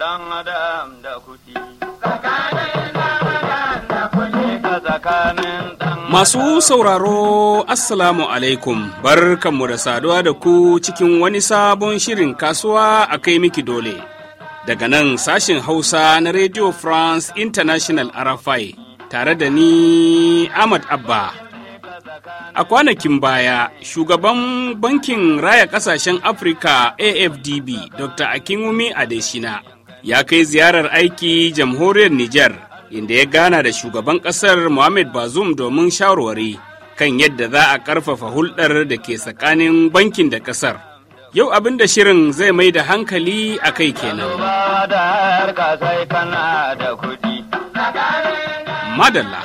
dan adam da kuɗi. Masu sauraro Assalamu alaikum kanmu da saduwa da ku cikin wani sabon shirin kasuwa a kai miki dole. Daga nan sashin Hausa na Radio France International RFI tare da ni Ahmad Abba. A kwanakin baya, shugaban bankin raya kasashen Afirka AFDB Dr. Akinwumi Adesina ya kai ziyarar aiki jamhuriyar Nijar inda ya gana da shugaban ƙasar Mohamed Bazoum domin shawarwari kan yadda za a ƙarfafa hulɗar da ke tsakanin bankin da ƙasar. Yau abin da shirin zai mai da hankali a kai kenan. Madalla.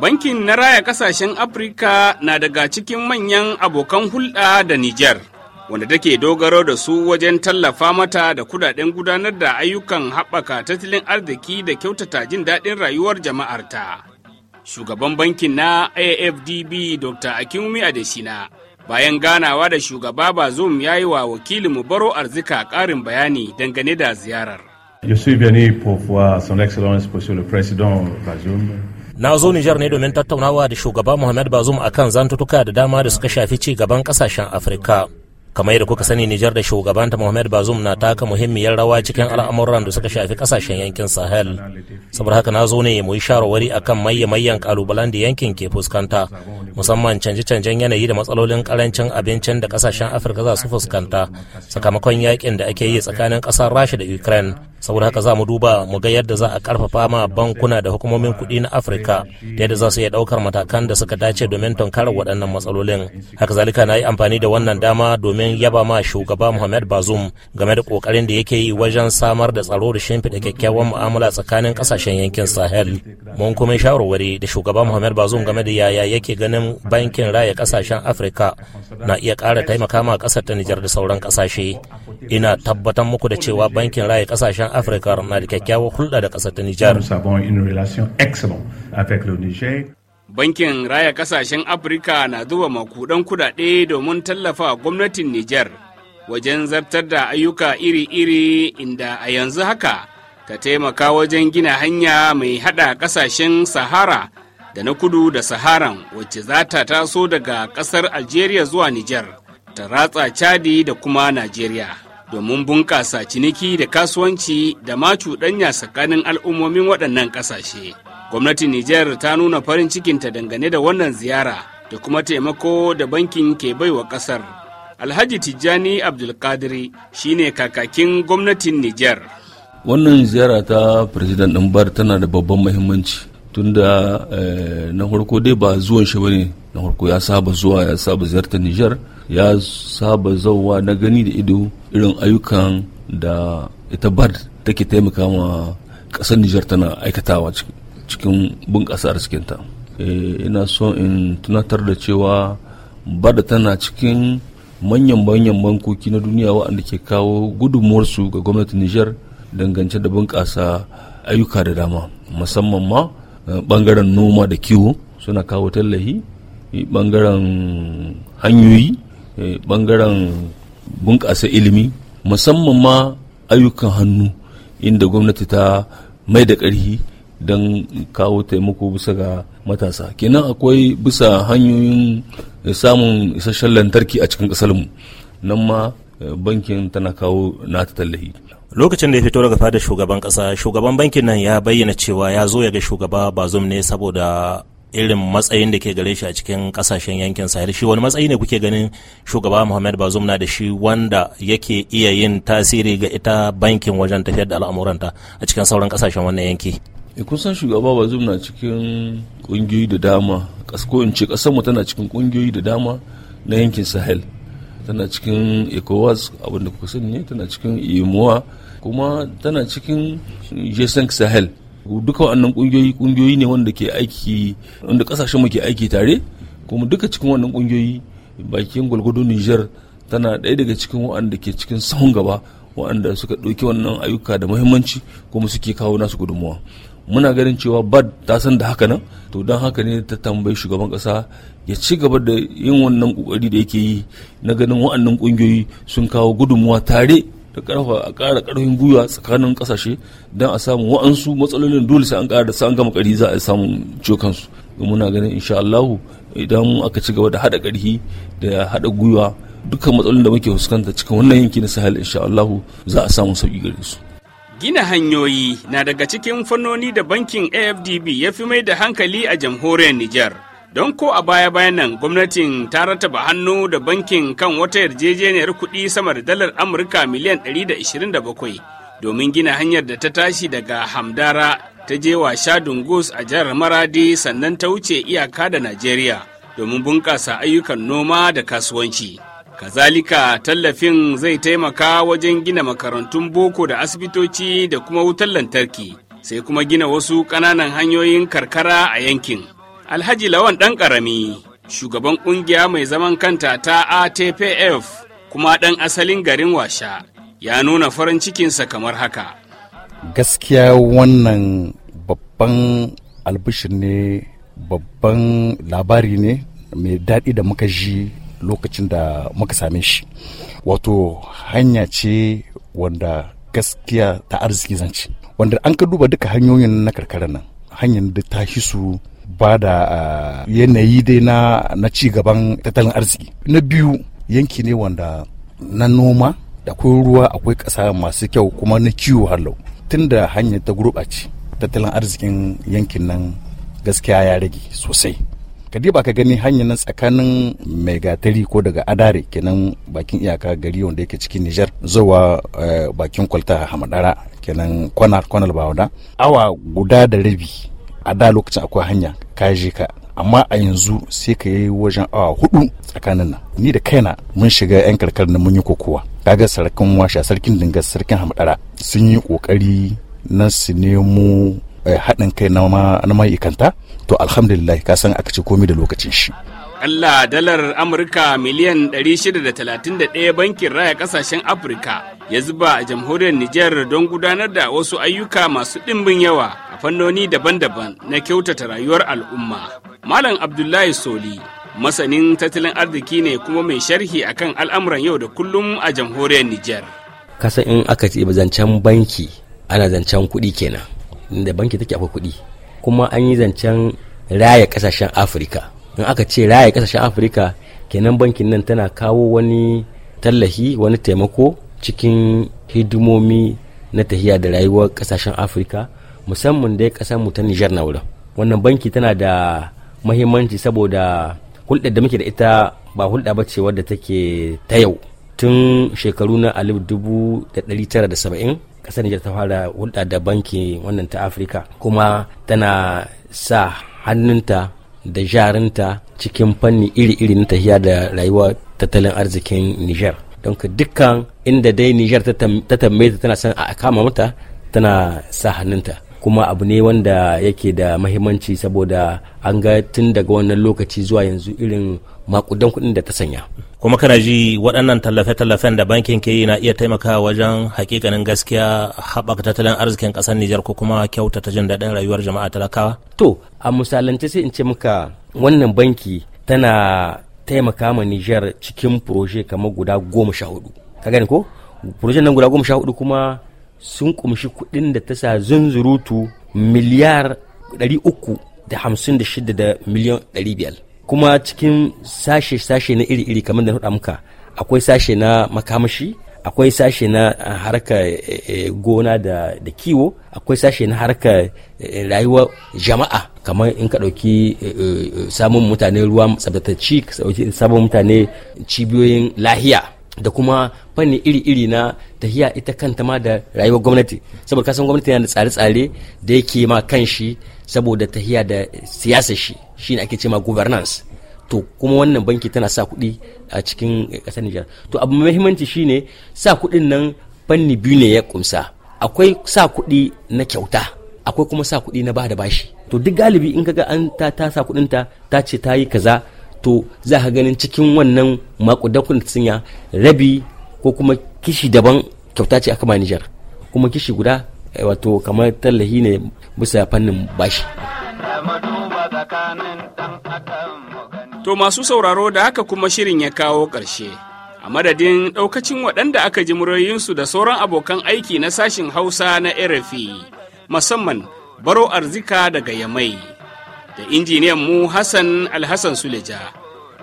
Bankin na raya ƙasashen Afirka na daga cikin manyan abokan hulɗa da Nijar, wanda take dogaro da su wajen tallafa mata da kudaden gudanar da ayyukan haɓaka tattalin arziki da kyautata jin daɗin rayuwar jama'arta. Shugaban bankin na AFDB Dr. Akinwumi Adesina bayan ganawa da shugaba Bazoum ya yi wa wakilinmu Baro Arzika karin bayani dangane da ziyarar. na zo Nijar ne domin tattaunawa da shugaba Muhammad Bazoum akan zantutuka da dama da suka shafi ci gaban kasashen Afirka. kamar yadda kuka sani Nijar da shugabanta Muhammad Bazoum na taka muhimmiyar rawa cikin al'amuran da suka shafi kasashen yankin Sahel. Saboda haka na zo ne mu yi shawarwari akan maye mayyan kalubalen da yankin ke fuskanta, musamman canje-canjen yanayi da matsalolin karancin abincin da kasashen Afirka za su fuskanta sakamakon yakin da ake yi tsakanin kasar Rasha da Ukraine saboda haka za mu duba mu ga yadda za a karfafa ma bankuna da hukumomin kuɗi na afirka da yadda za su iya ɗaukar matakan da suka dace domin tunkarar waɗannan matsalolin haka zalika na yi amfani da wannan dama domin yaba ma shugaba muhammad bazum game da ƙoƙarin da yake yi wajen samar da tsaro da shimfiɗa kyakkyawan mu'amala tsakanin ƙasashen yankin sahel mun kuma shawarwari da shugaba muhammad bazum game da yaya yake ganin bankin raya ƙasashen afirka na iya ƙara taimaka ma ƙasar ta nijar da sauran ƙasashe ina tabbatar muku da cewa bankin raya ƙasashen ƙasashen afirka na da kyakkyawar hulɗa da ƙasar ta nijar bankin raya ƙasashen afirka na zuba makudan kudade domin tallafa gwamnatin nijar wajen zartar da ayyuka iri-iri inda a yanzu haka ta taimaka wajen gina hanya mai hada ƙasashen sahara da na kudu da saharan wacce za ta taso daga ƙasar algeria zuwa nijar ta ratsa chadi da kuma nigeria. domin bunƙasa ciniki da kasuwanci da ma cuɗanya tsakanin al'ummomin waɗannan ƙasashe. Gwamnatin Nijar ta nuna farin cikinta dangane da wannan ziyara da kuma taimako da bankin ke baiwa ƙasar. Alhaji Tijjani shi ne kakakin gwamnatin Nijar. Wannan ziyara ta Firisidan bar tana da babban muhimmanci da eh, na farko dai ba zuwan shi bane na farko ya saba zuwa ya saba ziyartar Nijar. ya saba zauwa na gani da ido irin ayyukan da ita bad take taimaka ma ƙasar Nijar tana aikatawa cikin bunƙasa arzikinta. Eh, ina so in tunatar da cewa bar tana cikin manyan manyan bankoki na duniya waɗanda ke kawo gudunmuwarsu ga gwamnati Nijar dangance da bunƙasa ayyuka da dama musamman ma bangaren eh, noma da kiwo suna kawo tallahi bangaren hanyoyi Eh, bangaren bunƙasa ilimi musamman ma ayyukan hannu inda gwamnati ta mai da ƙarfi don kawo taimako bisa ga matasa kenan akwai bisa hanyoyin eh, samun isasshen lantarki a cikin ƙasarmu nan ma eh, bankin tana kawo na ta tallahi lokacin da ya fito daga fadar shugaban ƙasa shugaban bankin nan ya bayyana cewa ya zo ya ga shugaba bazum ne saboda irin matsayin da ke gare shi a cikin kasashen yankin sahel shi wani matsayi ne kuke ganin shugaba muhammad bazoum na da shi wanda yake iya yin tasiri ga ita bankin wajen tafiyar da al'amuranta a cikin sauran kasashen wannan yanki e eh, kusan shugaba bazoum na cikin kungiyoyi da dama ko in ce kasar mu tana cikin kungiyoyi da dama na yankin sahel tana cikin ecowas abinda kuka san ne tana cikin imuwa e kuma tana cikin g sahel duka wannan kungiyoyi kungiyoyi ne wanda ke aiki wanda kasashen mu ke aiki tare kuma duka cikin wannan kungiyoyi bakin gwalgwado Niger tana ɗaya daga cikin waɗanda ke cikin sahun gaba waɗanda suka ɗauki wannan ayyuka da muhimmanci kuma suke kawo nasu gudunmuwa muna ganin cewa bad ta san da haka nan to don haka ne ta tambayi shugaban ƙasa ya ci gaba da yin wannan ƙoƙari da yake yi na ganin waɗannan kungiyoyi sun kawo gudunmuwa tare da karfa a kara karfin gwiwa tsakanin kasashe don a samu wa'ansu matsalolin dole sai an kara da an gama kari za a samu cokansu muna ganin insha Allahu idan aka ci gaba da haɗa karfi da haɗa gwiwa dukkan matsalolin da muke fuskanta cikin wannan yanki na sahel insha Allahu za a samu sauki gare su Gina hanyoyi na daga cikin fannoni da bankin AFDB ya fi mai da hankali a jamhuriyar Nijar. don ko a baya-bayan nan gwamnatin ta rataba hannu da bankin kan wata yarjejeniyar kuɗi sama da dalar amurka miliyan 127 domin gina hanyar da ta tashi daga hamdara ta je wa shadun gos a jihar maradi sannan ta wuce iyaka da najeriya domin bunƙasa ayyukan noma da kasuwanci kazalika tallafin zai taimaka wajen gina makarantun boko da asibitoci da kuma wutar lantarki sai kuma gina wasu ƙananan hanyoyin karkara a yankin Alhaji Lawan ɗan ƙarami, shugaban ƙungiya mai zaman kanta ta ATPF kuma ɗan asalin garin Washa, ya nuna farin cikinsa kamar haka. Gaskiya wannan babban albishir ne, babban labari ne mai daɗi da muka ji lokacin da muka same shi. Wato hanya ce wanda gaskiya ta arziki zance. Wanda an ka duba duka hanyoyin na karkara nan, hanyar da ta hisu ba da ah, yanayi dai na ci gaban tattalin arziki na biyu yanki ne wanda na noma da akwai ruwa akwai ƙasa masu kyau kuma na kiwo halau. tun da hanyar ta gurɓace tattalin arzikin yankin nan gaskiya ya rage sosai ka ba ka gani hanyar nan tsakanin mai gatari ko daga adare kenan bakin iyaka gari wanda yake cikin nijar zuwa eh, bakin kwalta hamadara kenan kwanar kwanar bawada awa guda da rabi a da lokacin akwai hanya ka je ka amma a yanzu sai ka yi wajen awa hudu tsakanin nan ni da kaina mun shiga yan karkar na mun yi kokowa kaga sarkin washa sarkin dinga sarkin hamdara sun yi kokari na su nemo eh, haɗin kai na ma'aikanta to alhamdulillah ka san aka ce komai da lokacin shi Allah dalar Amurka miliyan 631 bankin raya kasashen Afirka ya zuba a jamhuriyar Nijar don gudanar da wasu ayyuka masu ɗimbin yawa fannoni daban-daban na kyautata rayuwar al'umma. Malam Abdullahi Soli masanin tattalin arziki ne kuma mai sharhi akan al'amuran yau da kullum a jamhuriyar Nijar. Kasa in aka ce zancen banki ana zancen kuɗi kenan inda banki take akwai kuɗi kuma an yi zancen raya ƙasashen Afirka in aka ce raya ƙasashen Afirka kenan bankin nan tana kawo wani tallahi wani taimako cikin hidimomi na tahiya da rayuwar ƙasashen Afirka musamman dai kasar mu ta Nijar na wurin wannan banki tana da mahimmanci saboda hulɗar da muke da ita ba hulɗa ba ce wadda take ta yau tun shekaru na alif dubu da ɗari tara da saba'in ƙasar Nijar ta fara hulɗa da banki wannan ta Afirka kuma tana sa hannunta da jarinta cikin fanni iri-iri na tafiya da rayuwa tattalin arzikin Nijar. Don ka dukkan inda dai Nijar ta tambaye tana son a kama mata tana sa hannunta. kuma abu ne wanda yake da mahimmanci saboda an ga tun daga wannan lokaci zuwa yanzu irin makudan kudin da ta sanya kuma kana ji waɗannan tallafe-tallafen da bankin ke yi na iya taimakawa wajen hakikanin gaskiya haɓaka tattalin arzikin ƙasar Nijar ko kuma kyautata jin daɗin rayuwar jama'a talakawa? To, a misalance sai in ce muka wannan banki tana taimaka ma Nijar cikin proje kamar guda goma sha hudu. Ka gani ko? Proje nan guda goma sha hudu kuma sun kumshi kuɗin da ta sa zunzurutu miliyar 356 da miliyan 500 kuma cikin sashe-sashe na iri-iri kamar da faɗa muka akwai sashe na makamashi akwai sashe na eh, harka eh, eh, gona da kiwo akwai sashe na harka rayuwar jama'a kamar in ka ɗauki samun mutane ruwa tsabtatacci ka ɗauki mutane cibiyoyin lahiya da kuma fanni iri-iri na tahiya ita kanta ma da rayuwar gwamnati saboda kasan gwamnati yana da tsare-tsare da yake ma kan shi saboda tahiya da siyasa shi shine ake ce ma governance to kuma wannan banki tana sa kuɗi a cikin ƙasar Nijar to abu muhimmanci ne sa kuɗin nan fanni biyu ne ya kumsa akwai sa kuɗi na kyauta akwai kuma sa kuɗi na ba da bashi to duk galibi in kaga an ta ta sa kuɗinta ta ce ta yi kaza to za ka ganin cikin wannan makudan kudin sanya rabi ko kuma kishi daban kyauta ce aka manijar Nijar kuma kishi guda eh, wato kamar tallahi ne bisa fannin bashi. To masu sauraro da haka kuma shirin ya kawo ƙarshe. A madadin ɗaukacin waɗanda aka ji muryoyinsu da sauran abokan aiki na sashin Hausa na RFI, musamman Baro Arzika daga Yamai. da injiniyan mu Hassan Alhassan Suleja.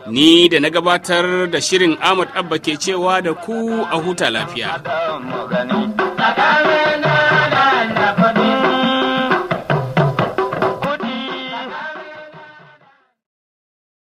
Ni da na gabatar da shirin Ahmad Abba ke cewa da ku a huta lafiya.